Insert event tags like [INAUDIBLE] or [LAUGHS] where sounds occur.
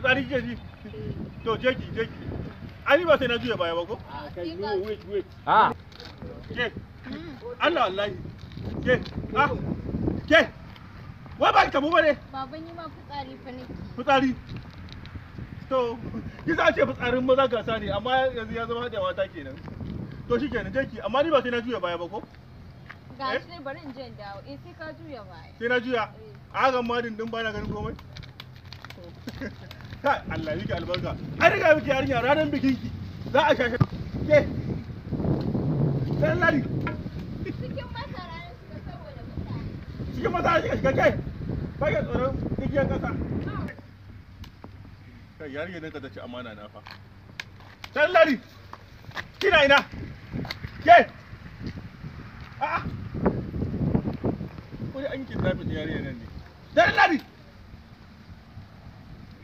fitsari ke ji to je ki je ki ba sai na wait wait ah ke Allah ke ah ke ba ka mu baban yi to ki za ce maza gasa ne amma yanzu ya zama mata kenan to shikenan je ki amma ni ba sai na juya baya ba ko ne eh? bari in in a madin din bana ganin komai [LAUGHS] kai Allah yake albarka an riga miki yarinya ranar bikin ki za a shashe ke sallari cikin masara ne suka saboda mutane cikin masara shiga ke ba ke tsoron kasa kai yarinya ne ka ta ci amana na fa sallari kina ina ke a'a ko an yi kidnapping yarinya nan ne sallari